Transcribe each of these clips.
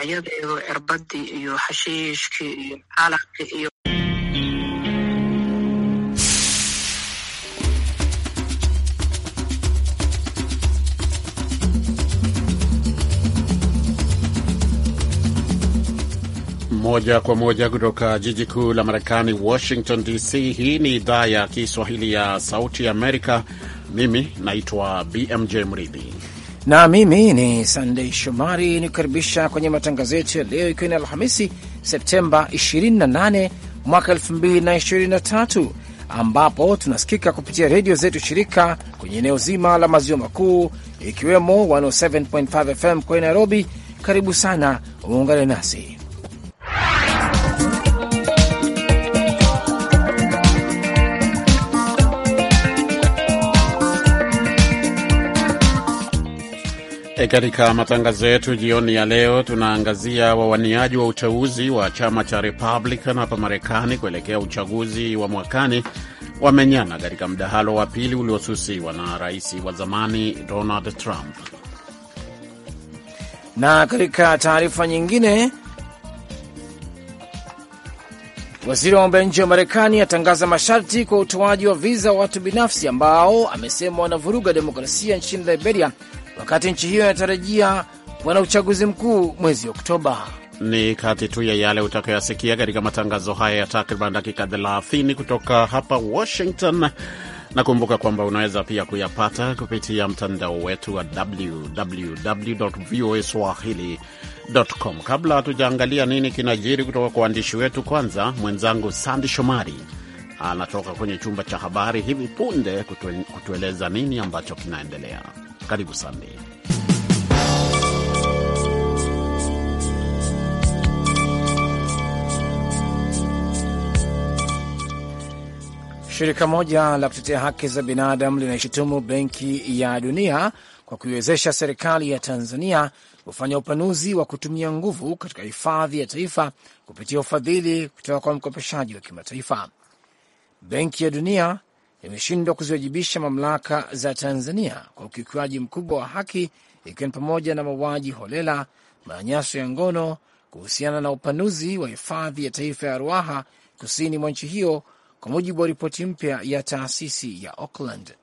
magacyada iyo cirbadii iyo xashiishkii iyo calaqi iyo moja kwa moja kutoka jiji kuu la Marekani, Washington DC. Hii ni idhaa ya Kiswahili ya Sauti Amerika. Mimi naitwa BMJ Mridhi na mimi ni Sandei Shomari nikukaribisha kwenye matangazo yetu ya leo, ikiwa ni Alhamisi Septemba 28 mwaka 2023 ambapo tunasikika kupitia redio zetu shirika kwenye eneo zima la maziwa makuu ikiwemo 107.5 FM kwenye Nairobi. Karibu sana uungane nasi E, katika matangazo yetu jioni ya leo tunaangazia wawaniaji wa uteuzi wa chama cha Republican hapa Marekani kuelekea uchaguzi wa mwakani wamenyana katika mdahalo wa pili uliosusiwa na rais wa zamani Donald Trump. Na katika taarifa nyingine, waziri wa mambo ya nje wa Marekani atangaza masharti kwa utoaji wa viza wa watu binafsi ambao amesema wanavuruga demokrasia nchini Liberia wakati nchi hiyo inatarajia kuwa na uchaguzi mkuu mwezi Oktoba. Ni kati tu ya yale utakayoyasikia katika matangazo haya ya takriban dakika 30 kutoka hapa Washington. Nakumbuka kwamba unaweza pia kuyapata kupitia mtandao wetu wa www voa swahili.com. Kabla hatujaangalia nini kinajiri kutoka kwa waandishi wetu, kwanza mwenzangu Sandi Shomari anatoka kwenye chumba cha habari hivi punde kutueleza nini ambacho kinaendelea. Karibu Sami. Shirika moja la kutetea haki za binadamu linaishutumu Benki ya Dunia kwa kuiwezesha serikali ya Tanzania kufanya upanuzi wa kutumia nguvu katika hifadhi ya taifa kupitia ufadhili kutoka kwa mkopeshaji wa kimataifa. Benki ya Dunia imeshindwa kuziwajibisha mamlaka za Tanzania kwa ukiukiwaji mkubwa wa haki, ikiwa ni pamoja na mauaji holela, manyanyaso ya ngono kuhusiana na upanuzi wa hifadhi ya taifa ya Ruaha kusini mwa nchi hiyo, kwa mujibu wa ripoti mpya ya taasisi ya Auckland.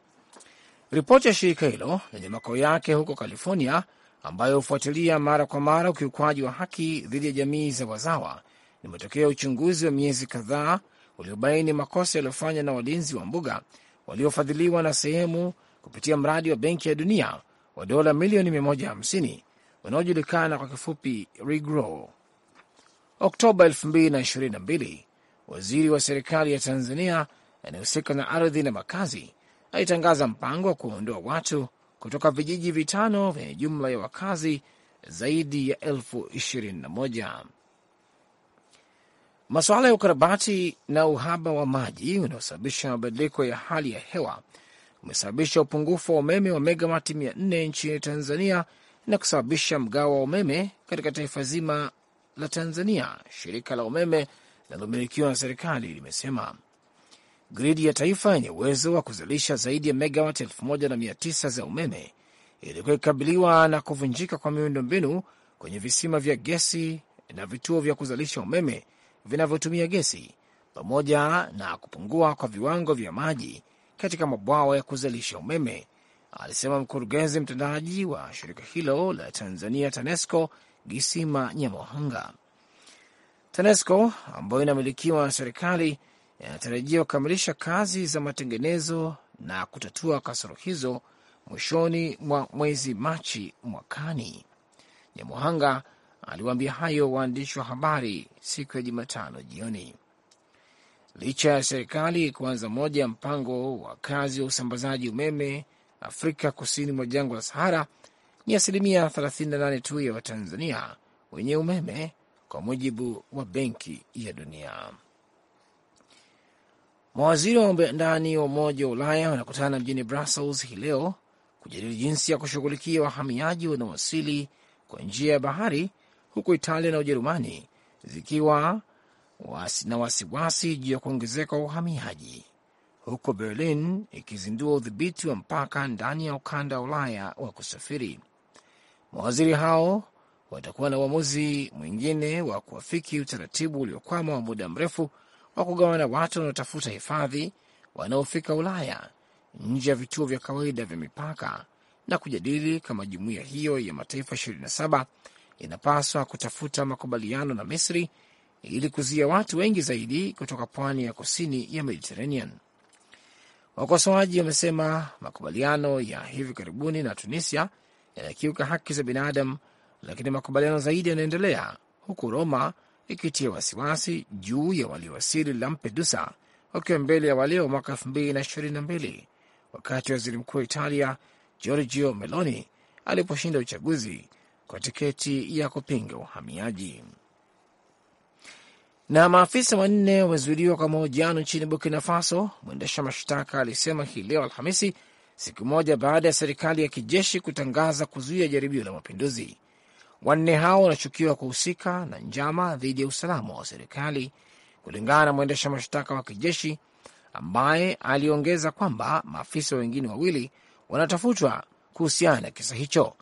Ripoti ya shirika hilo lenye makao yake huko California, ambayo hufuatilia mara kwa mara ukiukwaji wa haki dhidi ya jamii za wazawa, ni matokeo ya uchunguzi wa miezi kadhaa uliobaini makosa yaliyofanywa na walinzi wa mbuga waliofadhiliwa na sehemu kupitia mradi wa Benki ya Dunia wa dola milioni 150 unaojulikana kwa kifupi ReGrow. Oktoba 2022 waziri wa serikali ya Tanzania anayehusika na ardhi na makazi alitangaza mpango wa kuondoa watu kutoka vijiji vitano vyenye jumla ya wakazi zaidi ya elfu ishirini na moja. Masuala ya ukarabati na uhaba wa maji unaosababisha mabadiliko ya hali ya hewa umesababisha upungufu wa umeme wa megawati nne nchini Tanzania na kusababisha mgao wa umeme katika taifa zima la Tanzania, shirika la umeme linalomilikiwa na serikali limesema. Gridi ya taifa yenye uwezo wa kuzalisha zaidi ya megawati tisa za umeme ilikuwa ikikabiliwa na kuvunjika kwa miundo mbinu kwenye visima vya gesi na vituo vya kuzalisha umeme vinavyotumia gesi pamoja na kupungua kwa viwango vya maji katika mabwawa ya kuzalisha umeme, alisema mkurugenzi mtendaji wa shirika hilo la Tanzania TANESCO Gisima Nyamohanga. TANESCO ambayo inamilikiwa na serikali inatarajia kukamilisha kazi za matengenezo na kutatua kasoro hizo mwishoni mwa mwezi Machi mwakani. Nyamohanga aliwaambia hayo waandishi wa habari siku ya Jumatano jioni. Licha ya serikali kuanza moja ya mpango wa kazi wa usambazaji umeme Afrika kusini mwa jangwa la Sahara, ni asilimia 38 tu ya Watanzania wenye umeme kwa mujibu wa Benki ya Dunia. Mawaziri wa mambo ya ndani wa Umoja wa Ulaya wanakutana mjini Brussels hii leo kujadili jinsi ya kushughulikia wahamiaji wanaowasili kwa njia ya bahari huku Italia na Ujerumani zikiwa wasi na wasiwasi juu ya kuongezeka kwa uhamiaji, huku Berlin ikizindua udhibiti wa mpaka ndani ya ukanda wa Ulaya wa kusafiri. Mawaziri hao watakuwa na uamuzi mwingine wa kuafiki utaratibu uliokwama wa muda mrefu wa kugawana watu wanaotafuta hifadhi wanaofika Ulaya nje ya vituo vya kawaida vya mipaka na kujadili kama jumuiya hiyo ya mataifa 27 inapaswa kutafuta makubaliano na Misri ili kuzuia watu wengi zaidi kutoka pwani ya kusini ya Mediterranean. Wakosoaji wamesema makubaliano ya hivi karibuni na Tunisia yanakiuka haki za binadamu, lakini makubaliano zaidi yanaendelea, huku Roma ikitia wasiwasi juu ya waliowasili Lampedusa wakiwa mbele ya wale wa mwaka 2022 wakati waziri mkuu wa Italia Giorgio Meloni aliposhinda uchaguzi kwa tiketi ya kupinga uhamiaji. Na maafisa wanne wamezuiliwa kwa mahojiano nchini Burkina Faso, mwendesha mashtaka alisema hii leo Alhamisi, siku moja baada ya serikali ya kijeshi kutangaza kuzuia jaribio la mapinduzi. Wanne hao wanashukiwa kuhusika na njama dhidi ya usalama wa serikali, kulingana na mwendesha mashtaka wa kijeshi ambaye aliongeza kwamba maafisa wengine wawili wanatafutwa kuhusiana na kisa hicho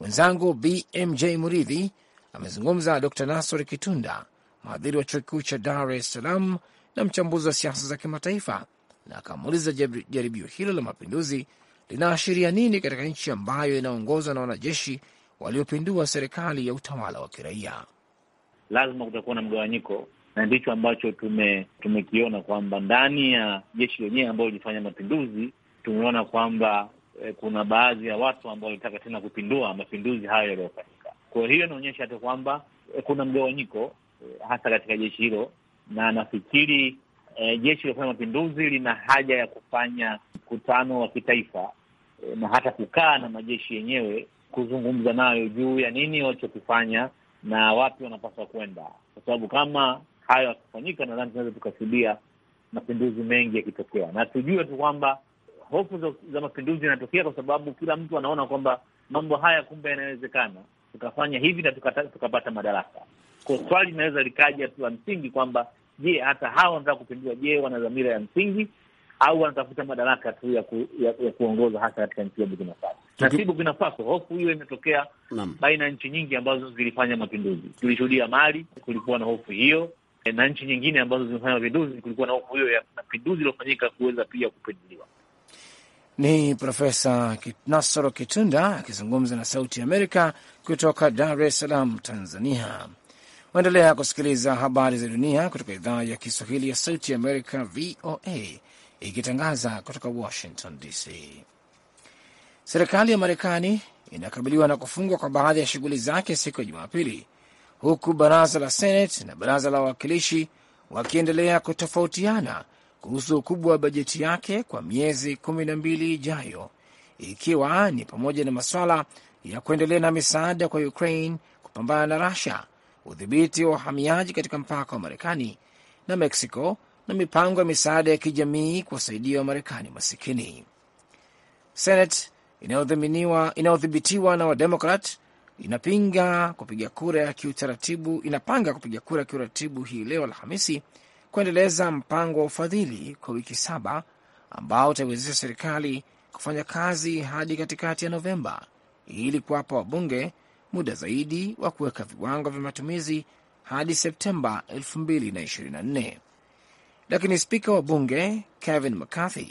Mwenzangu BMJ Muridhi amezungumza na Dr Nasor Kitunda, mhadhiri wa chuo kikuu cha Dar es Salaam na mchambuzi wa siasa za kimataifa, na akamuuliza jaribio hilo la mapinduzi linaashiria nini katika nchi ambayo inaongozwa na wanajeshi waliopindua serikali ya utawala wa kiraia. Lazima kutakuwa na mgawanyiko, na ndicho ambacho tume tumekiona kwamba ndani ya jeshi lenyewe ambayo lilifanya mapinduzi tumeona kwamba eh, kuna baadhi ya watu ambao walitaka tena kupindua mapinduzi hayo yaliyofanyika. Kwa hiyo inaonyesha tu kwamba eh, kuna mgawanyiko eh, hasa katika jeshi hilo, na nafikiri eh, jeshi lilofanya mapinduzi lina haja ya kufanya mkutano wa kitaifa eh, na hata kukaa na majeshi yenyewe kuzungumza nayo juu ya nini walichokifanya na wapi wanapaswa kwenda, kwa sababu kama hayo yakifanyika, nadhani tunaweza tukashuhudia mapinduzi mengi yakitokea, na tujue tu kwamba hofu za, za mapinduzi inatokea kwa sababu kila mtu anaona kwamba mambo haya kumbe yanawezekana, tukafanya hivi na tukata, tukapata madaraka. Kwa swali linaweza likaja tu la msingi kwamba je, hata hawa wanataka kupindua, je, wana dhamira ya msingi au wanatafuta madaraka tu ya, ku, ya, ya kuongoza hasa katika nchi ya Burkina Faso. Na si Burkina Faso, hofu hiyo imetokea baina ya nchi nyingi ambazo zilifanya mapinduzi. Tulishuhudia Mali, kulikuwa na hofu hiyo na nchi nyingine ambazo zimefanya mapinduzi, kulikuwa na hofu hiyo ya mapinduzi iliyofanyika kuweza pia kupinduliwa. Ni Profesa Nasoro Kitunda akizungumza na Sauti ya Amerika kutoka Dar es Salaam, Tanzania. Waendelea kusikiliza habari za dunia kutoka idhaa ya Kiswahili ya Sauti ya Amerika, VOA, ikitangaza kutoka Washington DC. Serikali ya Marekani inakabiliwa na kufungwa kwa baadhi ya shughuli zake siku ya Jumapili, huku baraza la Senate na baraza la wawakilishi wakiendelea kutofautiana kuhusu ukubwa wa bajeti yake kwa miezi kumi na mbili ijayo, ikiwa ni pamoja na masuala ya kuendelea na misaada kwa Ukraine, kupambana na rasia udhibiti wa uhamiaji katika mpaka wa Marekani na Mexico na mipango ya misaada ya kijamii kuwasaidia Wamarekani masikini. Senate inayodhibitiwa na Wademokrat inapinga kupiga kura ya kiutaratibu inapanga kupiga kura ya kiutaratibu hii leo Alhamisi kuendeleza mpango wa ufadhili kwa wiki saba ambao utaiwezesha serikali kufanya kazi hadi katikati ya Novemba ili kuwapa wabunge muda zaidi wa kuweka viwango vya matumizi hadi Septemba 2024. Lakini spika wa bunge Kevin McCarthy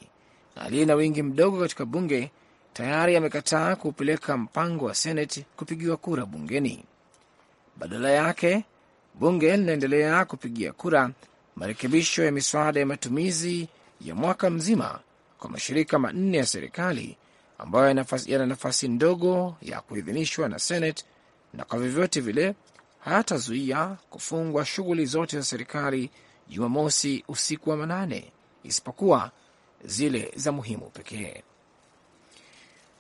aliye na wingi mdogo katika bunge tayari amekataa kuupeleka mpango wa Senate kupigiwa kura bungeni. Badala yake bunge linaendelea kupigia kura marekebisho ya miswada ya matumizi ya mwaka mzima kwa mashirika manne ya serikali ambayo yana nafasi, ya nafasi ndogo ya kuidhinishwa na Senate na kwa vyovyote vile hayatazuia kufungwa shughuli zote za serikali Jumamosi usiku wa manane isipokuwa zile za muhimu pekee.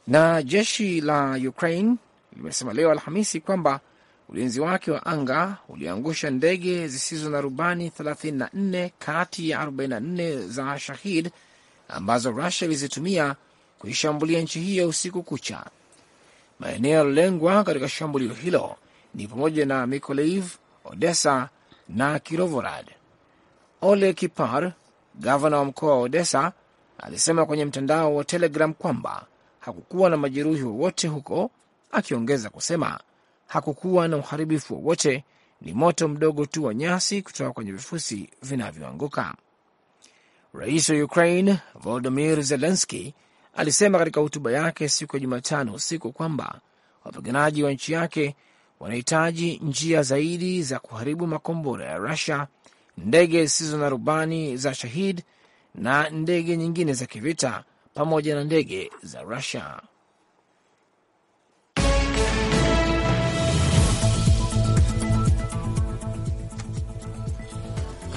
Na jeshi la Ukraine limesema leo Alhamisi kwamba ulinzi wake wa anga uliangusha ndege zisizo na rubani 34 kati ya 44 za Shahid ambazo Rusia ilizitumia kuishambulia nchi hiyo usiku kucha. Maeneo yalolengwa katika shambulio hilo ni pamoja na Mikoleiv, Odessa na Kirovorad. Ole Kipar, gavana wa mkoa wa Odessa, alisema kwenye mtandao wa Telegram kwamba hakukuwa na majeruhi wowote huko, akiongeza kusema hakukuwa na uharibifu wowote, ni moto mdogo tu wa nyasi kutoka kwenye vifusi vinavyoanguka. Rais wa Ukraine Volodimir Zelenski alisema katika hotuba yake siku ya Jumatano usiku kwamba wapiganaji wa nchi yake wanahitaji njia zaidi za kuharibu makombora ya Rusia, ndege zisizo na rubani za Shahid na ndege nyingine za kivita pamoja na ndege za Rusia.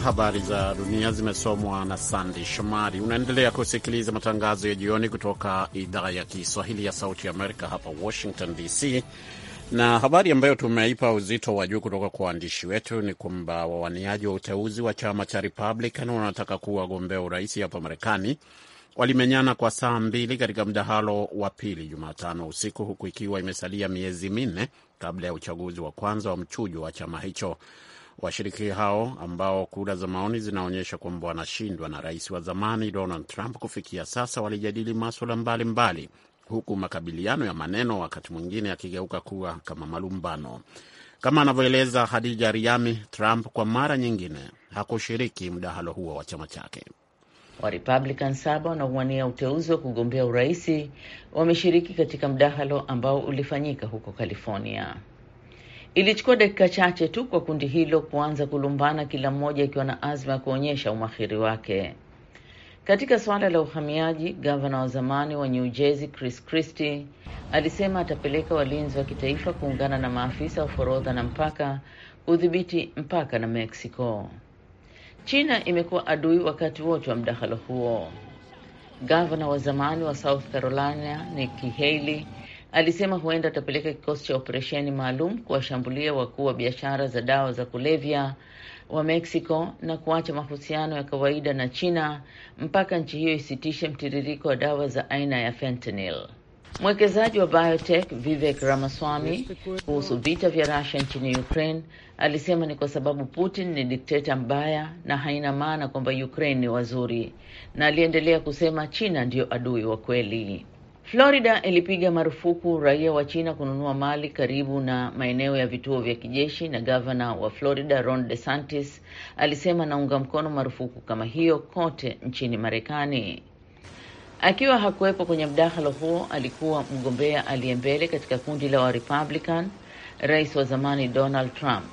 Habari za dunia zimesomwa na Sandi Shomari. Unaendelea kusikiliza matangazo ya jioni kutoka idhaa ya Kiswahili ya Sauti ya Amerika hapa Washington DC, na habari ambayo tumeipa uzito wa juu kutoka kwa waandishi wetu ni kwamba wawaniaji wa uteuzi wa chama cha Republican wanataka kuwa wagombea urais hapa Marekani walimenyana kwa saa mbili katika mdahalo wa pili Jumatano usiku huku ikiwa imesalia miezi minne kabla ya uchaguzi wa kwanza wa mchujo wa chama hicho Washiriki hao ambao kura za maoni zinaonyesha kwamba wanashindwa na rais wa zamani Donald Trump kufikia sasa, walijadili maswala mbalimbali, huku makabiliano ya maneno wakati mwingine yakigeuka kuwa kama malumbano. Kama anavyoeleza Hadija Riami, Trump kwa mara nyingine hakushiriki mdahalo huo wa chama chake. Warepublican saba wanaowania uteuzi wa kugombea uraisi wameshiriki katika mdahalo ambao ulifanyika huko California. Ilichukua dakika chache tu kwa kundi hilo kuanza kulumbana, kila mmoja ikiwa na azma ya kuonyesha umahiri wake. Katika suala la uhamiaji, gavana wa zamani wa New Jersey Chris Christie alisema atapeleka walinzi wa kitaifa kuungana na maafisa wa forodha na mpaka kudhibiti mpaka na Mexico. China imekuwa adui wakati wote wa mdahalo huo. Gavana wa zamani wa South Carolina Nikki Haley alisema huenda atapeleka kikosi cha operesheni maalum kuwashambulia wakuu wa biashara za dawa za kulevya wa Mexico na kuacha mahusiano ya kawaida na China mpaka nchi hiyo isitishe mtiririko wa dawa za aina ya fentanyl. Mwekezaji wa biotech Vivek Ramaswamy kuhusu vita vya Russia nchini Ukraine alisema ni kwa sababu Putin ni dikteta mbaya na haina maana kwamba Ukraine ni wazuri, na aliendelea kusema China ndiyo adui wa kweli. Florida ilipiga marufuku raia wa China kununua mali karibu na maeneo ya vituo vya kijeshi na gavana wa Florida Ron DeSantis alisema anaunga mkono marufuku kama hiyo kote nchini Marekani. Akiwa hakuwepo kwenye mdahalo huo, alikuwa mgombea aliye mbele katika kundi la wa Republican, rais wa zamani Donald Trump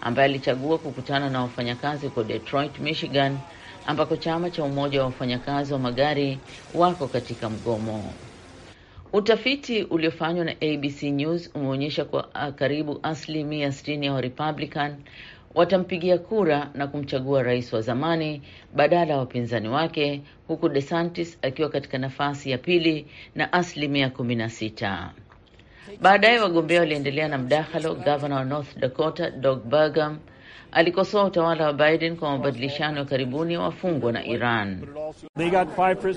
ambaye alichagua kukutana na wafanyakazi huko Detroit, Michigan ambako chama cha umoja wa wafanyakazi wa magari wako katika mgomo. Utafiti uliofanywa na ABC News umeonyesha kwa ah, karibu asilimia 60 ya Warepublican watampigia kura na kumchagua rais wa zamani badala ya wapinzani wake, huku DeSantis akiwa katika nafasi ya pili na asilimia 16. Baadaye wagombea waliendelea na mdahalo. Gavana wa North Dakota Doug Burgum alikosoa utawala wa Biden kwa mabadilishano ya karibuni ya wafungwa na Iran.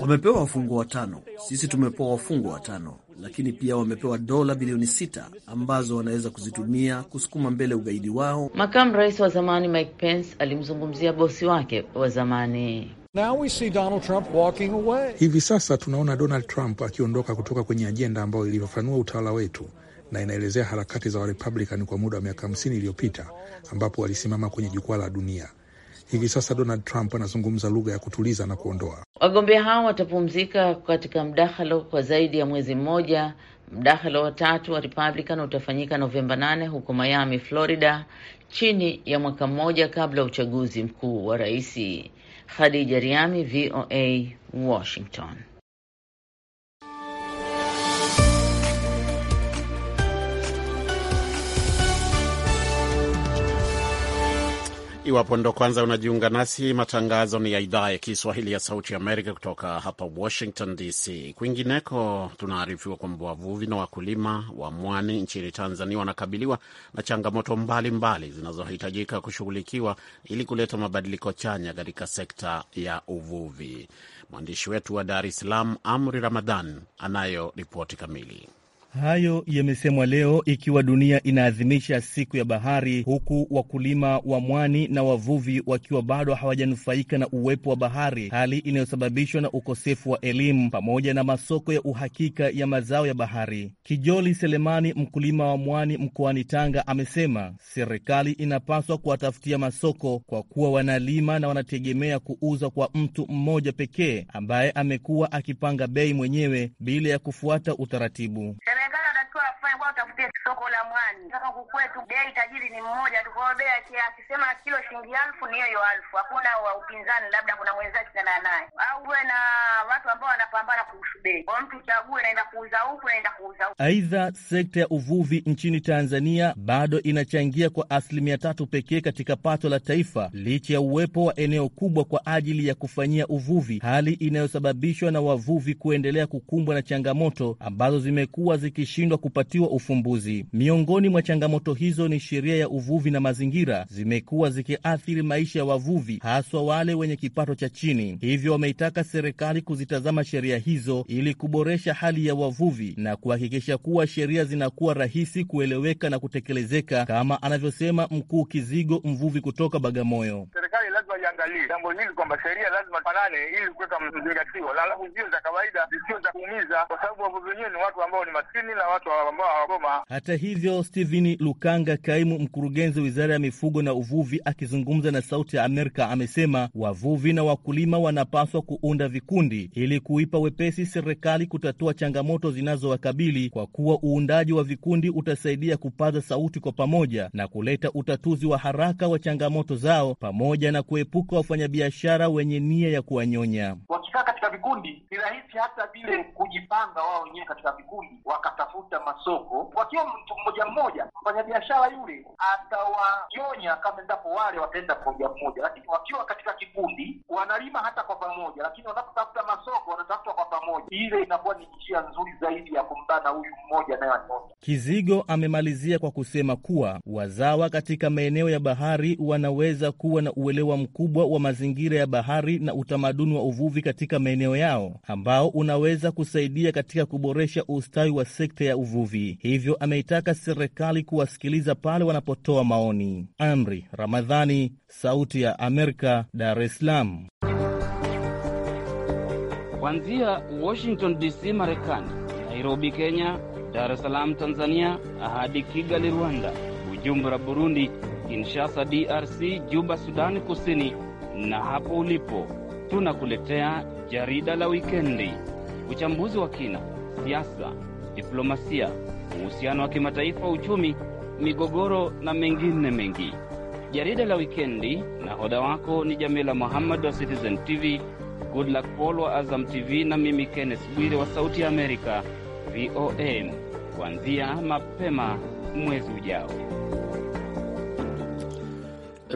Wamepewa wafungwa watano, sisi tumepewa wafungwa watano, lakini pia wamepewa dola bilioni sita ambazo wanaweza kuzitumia kusukuma mbele ugaidi wao. Makamu rais wa zamani Mike Pence alimzungumzia bosi wake wa zamani. Now we see Donald Trump walking away. Hivi sasa tunaona Donald Trump akiondoka kutoka kwenye ajenda ambayo ilifafanua utawala wetu na inaelezea harakati za Warepublican kwa muda wa miaka hamsini iliyopita ambapo walisimama kwenye jukwaa la dunia. Hivi sasa Donald Trump anazungumza lugha ya kutuliza na kuondoa. Wagombea hao watapumzika katika mdahalo kwa zaidi ya mwezi mmoja. Mdahalo wa tatu wa Republican utafanyika Novemba 8 huko Miami, Florida, chini ya mwaka mmoja kabla ya uchaguzi mkuu wa raisi. Khadija Riami, VOA, Washington. Iwapo ndo kwanza unajiunga nasi, matangazo ni ya idhaa ya Kiswahili ya Sauti Amerika kutoka hapa Washington DC. Kwingineko, tunaarifiwa kwamba wavuvi na wakulima wa mwani nchini Tanzania wanakabiliwa na changamoto mbalimbali zinazohitajika kushughulikiwa ili kuleta mabadiliko chanya katika sekta ya uvuvi. Mwandishi wetu wa Dar es Salaam, Amri Ramadhan, anayo ripoti kamili. Hayo yamesemwa leo ikiwa dunia inaadhimisha siku ya bahari, huku wakulima wa mwani na wavuvi wakiwa bado hawajanufaika na uwepo wa bahari, hali inayosababishwa na ukosefu wa elimu pamoja na masoko ya uhakika ya mazao ya bahari. Kijoli Selemani, mkulima wa mwani mkoani Tanga, amesema serikali inapaswa kuwatafutia masoko kwa kuwa wanalima na wanategemea kuuza kwa mtu mmoja pekee ambaye amekuwa akipanga bei mwenyewe bila ya kufuata utaratibu anatakiwa afanye kwa utafutie soko la mwani. Sasa huku kwetu bei tajiri ni mmoja tu, kwa bei akisema kilo shilingi elfu ni hiyo elfu, hakuna wa upinzani, labda kuna mwenzake kana naye, au uwe na watu ambao wanapambana kuhusu bei, kwa mtu chague, naenda kuuza huku, naenda kuuza huku. Aidha, sekta ya uvuvi nchini Tanzania bado inachangia kwa asilimia tatu pekee katika pato la taifa licha ya uwepo wa eneo kubwa kwa ajili ya kufanyia uvuvi, hali inayosababishwa na wavuvi kuendelea kukumbwa na changamoto ambazo zimekuwa zikishindwa zimeshindwa kupatiwa ufumbuzi. Miongoni mwa changamoto hizo ni sheria ya uvuvi na mazingira zimekuwa zikiathiri maisha ya wavuvi, haswa wale wenye kipato cha chini. Hivyo wameitaka serikali kuzitazama sheria hizo ili kuboresha hali ya wavuvi na kuhakikisha kuwa sheria zinakuwa rahisi kueleweka na kutekelezeka, kama anavyosema Mkuu Kizigo, mvuvi kutoka Bagamoyo watalii. jambo hili kwamba sheria lazima fanane ili kuweka mzingatio, alafu zio za kawaida zisio za kuumiza, kwa sababu wao wenyewe ni watu ambao ni maskini na watu ambao hawakoma. Hata hivyo, Stephen Lukanga, kaimu mkurugenzi wizara ya mifugo na uvuvi, akizungumza na Sauti ya Amerika, amesema wavuvi na wakulima wanapaswa kuunda vikundi ili kuipa wepesi serikali kutatua changamoto zinazowakabili kwa kuwa uundaji wa vikundi utasaidia kupaza sauti kwa pamoja na kuleta utatuzi wa haraka wa changamoto zao pamoja na kuepuka kwa wafanyabiashara wenye nia ya kuwanyonya. Wakikaa katika vikundi, ni rahisi hata vile kujipanga wao wenyewe katika vikundi, wakatafuta masoko. Wakiwa mtu mmoja mmoja, mfanyabiashara yule atawanyonya kama endapo wale wataenda mmoja mmoja, lakini wakiwa katika kikundi, wanalima hata kwa pamoja, lakini wanapotafuta masoko wanatafuta kwa pamoja. Ile inakuwa ni njia nzuri zaidi ya kumbana huyu mmoja anayewanyonya. Kizigo amemalizia kwa kusema kuwa wazawa katika maeneo ya bahari wanaweza kuwa na uelewa mkubwa ukubwa wa mazingira ya bahari na utamaduni wa uvuvi katika maeneo yao ambao unaweza kusaidia katika kuboresha ustawi wa sekta ya uvuvi. Hivyo ameitaka serikali kuwasikiliza pale wanapotoa maoni. Amri Ramadhani, Sauti ya Amerika, Dar es Salaam. Kuanzia Washington DC, Marekani, Nairobi, Kenya, Dar es Salaam, Tanzania, hadi Kigali, Rwanda, Bujumbura, Burundi, Kinshasa, DRC, Juba, Sudani Kusini na hapo ulipo, tunakuletea jarida la wikendi, uchambuzi wa kina, siasa, diplomasia, uhusiano wa kimataifa, uchumi, migogoro na mengine mengi. Jarida la wikendi, nahodha wako ni Jamila Muhammad wa Citizen TV, Goodluck Paul wa Azam TV na mimi Kenneth Bwire wa Sauti ya Amerika, VOA, kuanzia mapema mwezi ujao.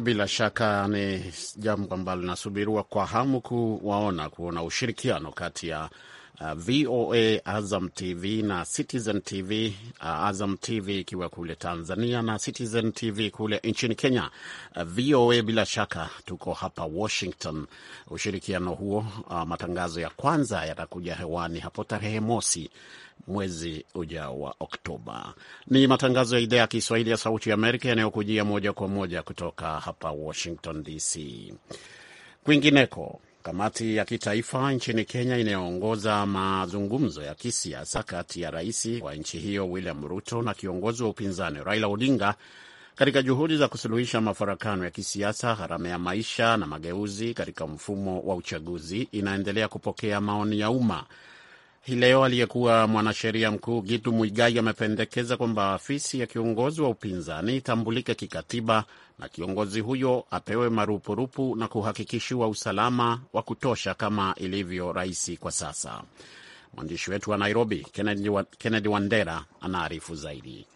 Bila shaka ni jambo ambalo linasubiriwa kwa hamu kuwaona, kuona ushirikiano kati ya uh, VOA Azam TV na Citizen TV uh, Azam TV ikiwa kule Tanzania na Citizen TV kule nchini Kenya. Uh, VOA bila shaka tuko hapa Washington. Ushirikiano huo, uh, matangazo ya kwanza yatakuja hewani hapo tarehe mosi mwezi ujao wa Oktoba. Ni matangazo ya idhaa ya Kiswahili ya Sauti ya Amerika yanayokujia moja kwa moja kutoka hapa Washington DC. Kwingineko, Kamati ya kitaifa nchini Kenya inayoongoza mazungumzo ya kisiasa kati ya rais wa nchi hiyo William Ruto na kiongozi wa upinzani Raila Odinga katika juhudi za kusuluhisha mafarakano ya kisiasa, gharama ya maisha na mageuzi katika mfumo wa uchaguzi inaendelea kupokea maoni ya umma. Hii leo aliyekuwa mwanasheria mkuu Gitu Mwigai amependekeza kwamba afisi ya kiongozi wa upinzani itambulike kikatiba na kiongozi huyo apewe marupurupu na kuhakikishiwa usalama wa kutosha kama ilivyo rais kwa sasa. Mwandishi wetu wa Nairobi, Kennedy Wandera, anaarifu zaidi.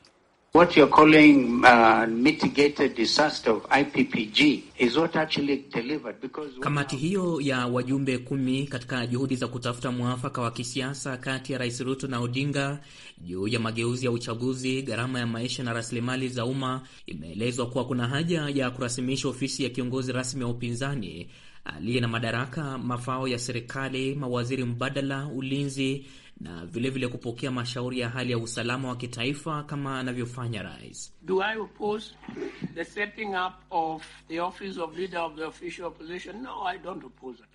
What you're calling uh, mitigated disaster of IPPG is what actually delivered because... Kamati hiyo ya wajumbe kumi katika juhudi za kutafuta mwafaka wa kisiasa kati ya Rais Ruto na Odinga juu ya mageuzi ya uchaguzi, gharama ya maisha na rasilimali za umma, imeelezwa kuwa kuna haja ya kurasimisha ofisi ya kiongozi rasmi wa upinzani aliye na madaraka, mafao ya serikali, mawaziri mbadala, ulinzi na vilevile vile kupokea mashauri ya hali ya usalama wa kitaifa kama anavyofanya rais. Do I oppose the setting up of the office of leader of the official opposition? No, I don't oppose it.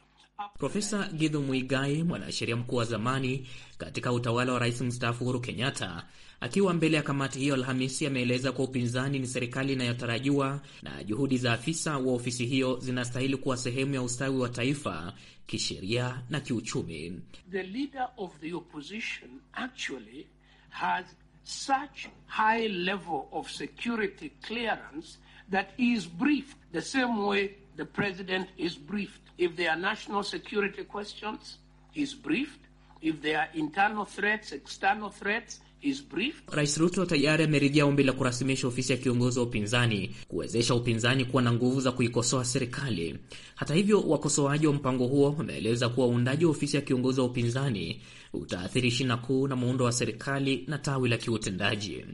Profesa Githu Muigai, mwanasheria mkuu wa zamani katika utawala wa rais mstaafu Uhuru Kenyatta, akiwa mbele ya kamati hiyo Alhamisi, ameeleza kuwa upinzani ni serikali inayotarajiwa na juhudi za afisa wa ofisi hiyo zinastahili kuwa sehemu ya ustawi wa taifa kisheria na kiuchumi. The leader of the opposition actually has such high level of security clearance that he is briefed the same way the president is briefed. If there are national security questions, he's briefed. If there are internal threats, external threats, he's briefed. Rais Ruto tayari ameridhia ombi la kurasimisha ofisi ya kiongozi wa upinzani kuwezesha upinzani kuwa na nguvu za kuikosoa serikali. Hata hivyo, wakosoaji wa mpango huo wameeleza kuwa uundaji wa ofisi ya kiongozi wa upinzani utaathiri shina kuu na muundo wa serikali na tawi la kiutendaji.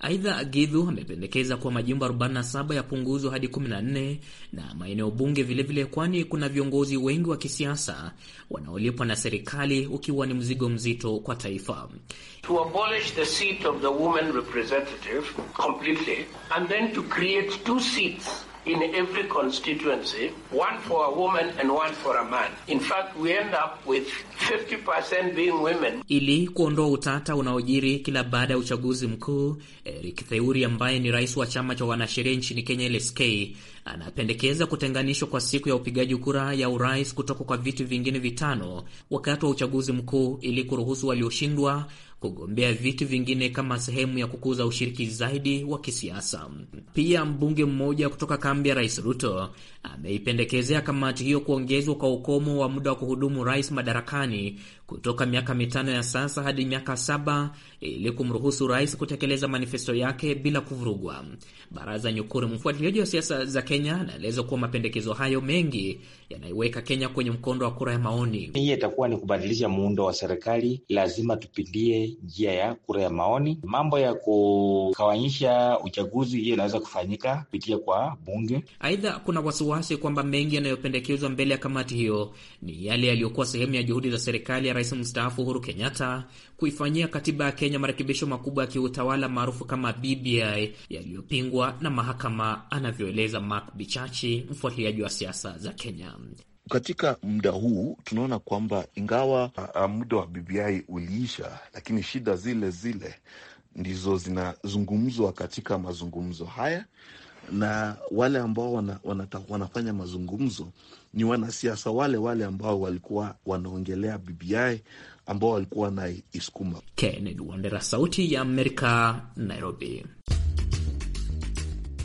Aidha, gidhu amependekeza kuwa majimbo 47 yapunguzwa hadi 14 na maeneo bunge vilevile, kwani kuna viongozi wengi wa kisiasa wanaolipwa na serikali, ukiwa ni mzigo mzito kwa taifa. To abolish the seat of the woman representative completely and then to create two seats in every constituency, one for a woman and one for a man. In fact, we end up with 50% being women. Ili kuondoa utata unaojiri kila baada ya uchaguzi mkuu, Eric Theuri ambaye ni rais wa chama cha wanasheria nchini Kenya LSK anapendekeza kutenganishwa kwa siku ya upigaji kura ya urais kutoka kwa viti vingine vitano wakati wa uchaguzi mkuu ili kuruhusu walioshindwa kugombea viti vingine kama sehemu ya kukuza ushiriki zaidi wa kisiasa. Pia mbunge mmoja kutoka kambi ya Rais Ruto ameipendekezea kamati hiyo kuongezwa kwa ukomo wa muda wa kuhudumu rais madarakani kutoka miaka mitano ya sasa hadi miaka saba ili kumruhusu rais kutekeleza manifesto yake bila kuvurugwa. Baraza Nyukuri, mfuatiliaji wa siasa za Kenya, anaeleza kuwa mapendekezo hayo mengi yanaiweka Kenya kwenye mkondo wa kura ya maoni. Hii itakuwa ni kubadilisha muundo wa serikali, lazima tupindie njia ya kura ya maoni. Mambo ya kugawanyisha uchaguzi, hiyo inaweza kufanyika kupitia kwa bunge. Aidha, kuna wasiwasi kwamba mengi yanayopendekezwa mbele ya kamati hiyo ni yale yaliyokuwa sehemu ya juhudi za serikali ya rais mstaafu Uhuru Kenyatta kuifanyia katiba ya Kenya marekebisho makubwa ya kiutawala maarufu kama BBI yaliyopingwa na mahakama, anavyoeleza Mark Bichachi, mfuatiliaji wa siasa za Kenya. Katika muda huu tunaona kwamba ingawa muda wa BBI uliisha, lakini shida zile zile ndizo zinazungumzwa katika mazungumzo haya, na wale ambao wana, wana, wanafanya mazungumzo ni wanasiasa wale wale ambao walikuwa wanaongelea BBI ambao walikuwa wanaisukuma. Kennedy Wandera, Sauti ya Amerika, Nairobi.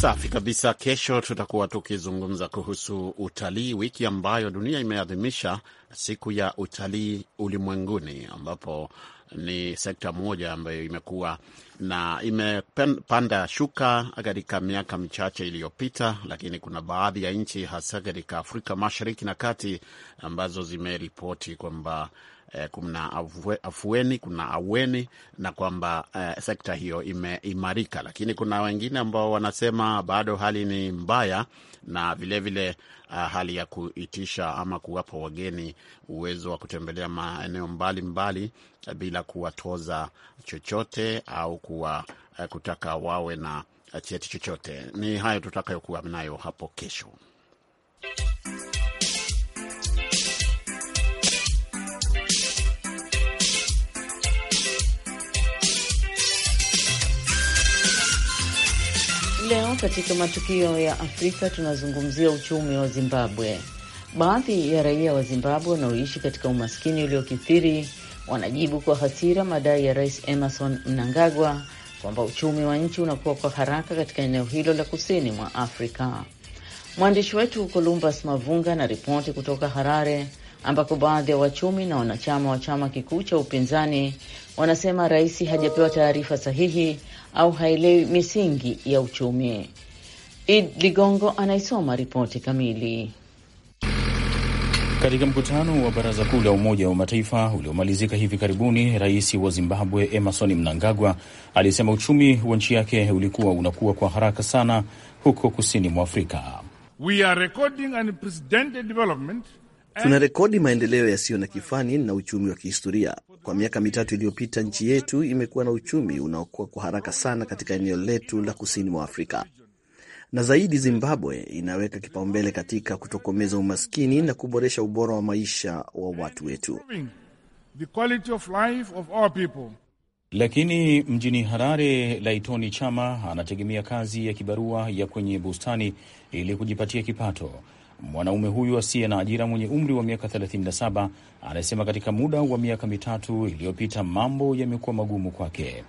Safi kabisa. Kesho tutakuwa tukizungumza kuhusu utalii, wiki ambayo dunia imeadhimisha siku ya utalii ulimwenguni, ambapo ni sekta moja ambayo imekuwa na imepanda shuka katika miaka michache iliyopita, lakini kuna baadhi ya nchi hasa katika Afrika Mashariki na Kati ambazo zimeripoti kwamba eh, kuna afueni, kuna aweni na kwamba eh, sekta hiyo imeimarika, lakini kuna wengine ambao wanasema bado hali ni mbaya na vilevile vile, uh, hali ya kuitisha ama kuwapa wageni uwezo wa kutembelea maeneo mbalimbali mbali, eh, bila kuwatoza chochote au kuwa, uh, kutaka wawe na cheti chochote. Ni hayo tutakayokuwa nayo hapo kesho. Leo katika matukio ya Afrika tunazungumzia uchumi wa Zimbabwe. Baadhi ya raia wa Zimbabwe wanaoishi katika umaskini uliokithiri wanajibu kwa hasira madai ya Rais Emerson Mnangagwa kwamba uchumi wa nchi unakuwa kwa haraka katika eneo hilo la kusini mwa Afrika. Mwandishi wetu Columbus Mavunga na ripoti kutoka Harare ambapo baadhi ya wachumi na wanachama wa chama kikuu cha upinzani wanasema rais hajapewa taarifa sahihi au haelewi misingi ya uchumi. Id Ligongo anaisoma ripoti kamili. Katika mkutano wa baraza kuu la Umoja wa Mataifa uliomalizika hivi karibuni, rais wa Zimbabwe Emerson Mnangagwa alisema uchumi wa nchi yake ulikuwa unakuwa kwa haraka sana huko kusini mwa Afrika. We are recording unprecedented development Tunarekodi maendeleo yasiyo na kifani na uchumi wa kihistoria. Kwa miaka mitatu iliyopita, nchi yetu imekuwa na uchumi unaokua kwa haraka sana katika eneo letu la kusini mwa Afrika, na zaidi, Zimbabwe inaweka kipaumbele katika kutokomeza umaskini na kuboresha ubora wa maisha wa watu wetu. Lakini mjini Harare, Laitoni Chama anategemea kazi ya kibarua ya kwenye bustani ili kujipatia kipato. Mwanaume huyu asiye na ajira mwenye umri wa miaka 37 anasema katika muda wa miaka mitatu iliyopita mambo yamekuwa magumu kwake.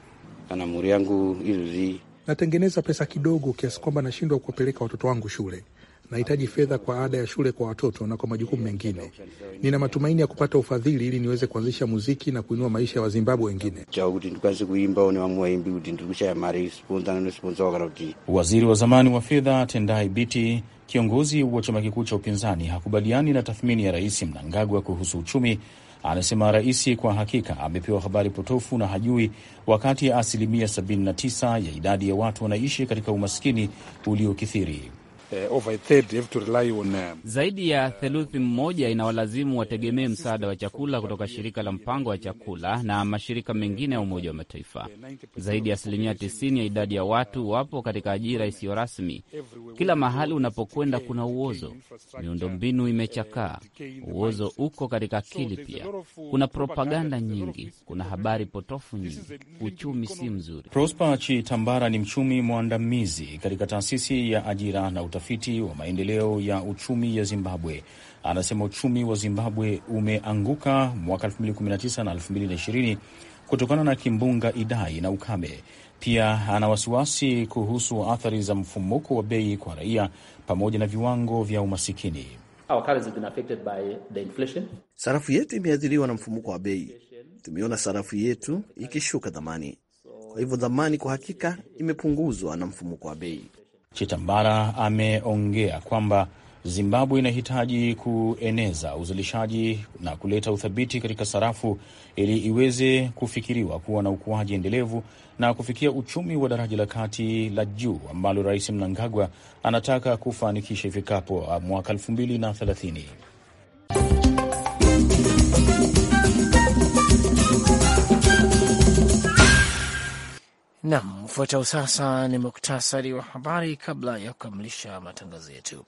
yangu iluzi, natengeneza pesa kidogo kiasi kwamba nashindwa kuwapeleka watoto wangu shule. Nahitaji fedha kwa ada ya shule kwa watoto na kwa majukumu mengine. Nina matumaini ya kupata ufadhili ili niweze kuanzisha muziki na kuinua maisha ya Wazimbabwe wengine. Waziri wa zamani wa fedha Tendai Biti Kiongozi wa chama kikuu cha upinzani hakubaliani na tathmini ya Rais Mnangagwa kuhusu uchumi. Anasema rais kwa hakika amepewa habari potofu na hajui, wakati asilimia 79 ya idadi ya watu wanaishi katika umaskini uliokithiri. Uh, eh, over a third, have to rely on, uh, zaidi ya theluthi mmoja inawalazimu wategemee msaada wa chakula kutoka shirika la mpango wa chakula na mashirika mengine ya Umoja wa Mataifa. Zaidi ya asilimia 90 ya idadi ya watu wapo katika ajira isiyo rasmi. Kila mahali unapokwenda kuna uozo, miundombinu imechakaa, uozo uko katika akili pia. Kuna propaganda nyingi, kuna habari potofu nyingi, uchumi si mzuri. Prosper Chitambara ni mchumi mwandamizi katika taasisi ya ajira na utafiti utafiti wa maendeleo ya uchumi ya Zimbabwe anasema uchumi wa Zimbabwe umeanguka mwaka 2019 na 2020 kutokana na kimbunga Idai na ukame. Pia ana wasiwasi kuhusu athari za mfumuko wa bei kwa raia pamoja na viwango vya umasikini. Sarafu yetu imeathiriwa na mfumuko wa bei, tumeona sarafu yetu ikishuka dhamani, kwa hivyo dhamani kwa hakika imepunguzwa na mfumuko wa bei. Chitambara ameongea kwamba Zimbabwe inahitaji kueneza uzalishaji na kuleta uthabiti katika sarafu ili iweze kufikiriwa kuwa na ukuaji endelevu na kufikia uchumi wa daraja la kati la juu ambalo Rais Mnangagwa anataka kufanikisha ifikapo mwaka elfu mbili na thelathini. Nam ufuatao sasa ni muktasari wa habari kabla ya kukamilisha matangazo yetu.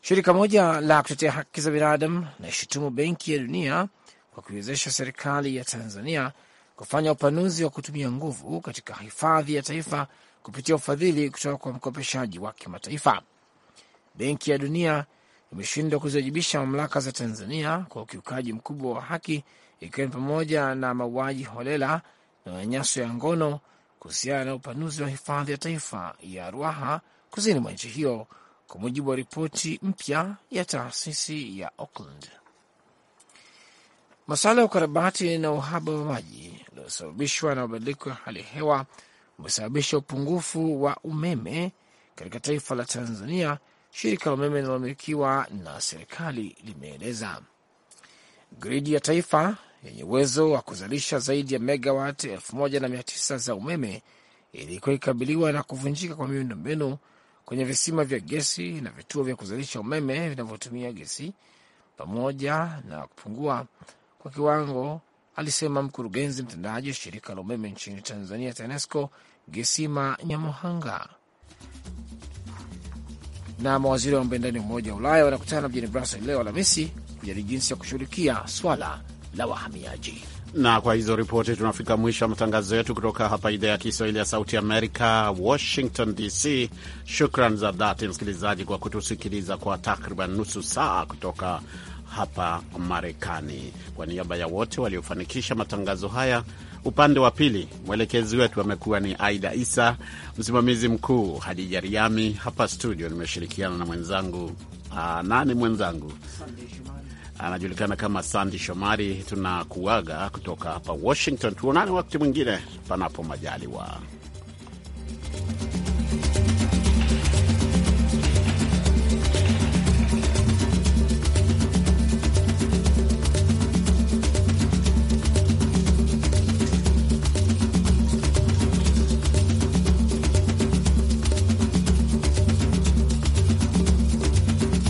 Shirika moja la kutetea haki za binadamu linashutumu Benki ya Dunia kwa kuiwezesha serikali ya Tanzania kufanya upanuzi wa kutumia nguvu katika hifadhi ya taifa kupitia ufadhili kutoka kwa mkopeshaji wa kimataifa. Benki ya Dunia imeshindwa kuziwajibisha mamlaka za Tanzania kwa ukiukaji mkubwa wa haki, ikiwa ni pamoja na mauaji holela na manyanyaso ya ngono kuhusiana na upanuzi wa hifadhi ya taifa ya Ruaha kusini mwa nchi hiyo, kwa mujibu wa ripoti mpya ya taasisi ya Auckland. Masuala ya ukarabati na uhaba wa maji uliosababishwa na mabadiliko ya hali ya hewa umesababisha upungufu wa umeme katika taifa la Tanzania, shirika la umeme linalomilikiwa na serikali limeeleza. Gridi ya taifa yenye uwezo wa kuzalisha zaidi ya megawat 19 za umeme ilikuwa ikikabiliwa na kuvunjika kwa miundombinu kwenye visima vya gesi na vituo vya kuzalisha umeme vinavyotumia gesi pamoja na kupungua kwa kiwango, alisema mkurugenzi mtendaji wa shirika la umeme nchini Tanzania, TANESCO, Gesima Nyamohanga. Na mawaziri wa mambo ya ndani Umoja wa Ulaya wanakutana mjini Brussels leo Alhamisi kujadili jinsi ya kushughulikia swala la wahamiaji. Na kwa hizo ripoti tunafika mwisho wa matangazo yetu kutoka hapa idhaa ya Kiswahili ya Sauti Amerika, Washington DC. Shukran za dhati msikilizaji kwa kutusikiliza kwa takriban nusu saa kutoka hapa Marekani. Kwa niaba ya wote waliofanikisha matangazo haya, upande wa pili mwelekezi wetu amekuwa ni Aida Isa, msimamizi mkuu Hadija Riami. Hapa studio nimeshirikiana na mwenzangu aa, ah, nani mwenzangu anajulikana kama Sandi Shomari. Tunakuaga kutoka hapa Washington, tuonane wakati mwingine panapo majaliwa.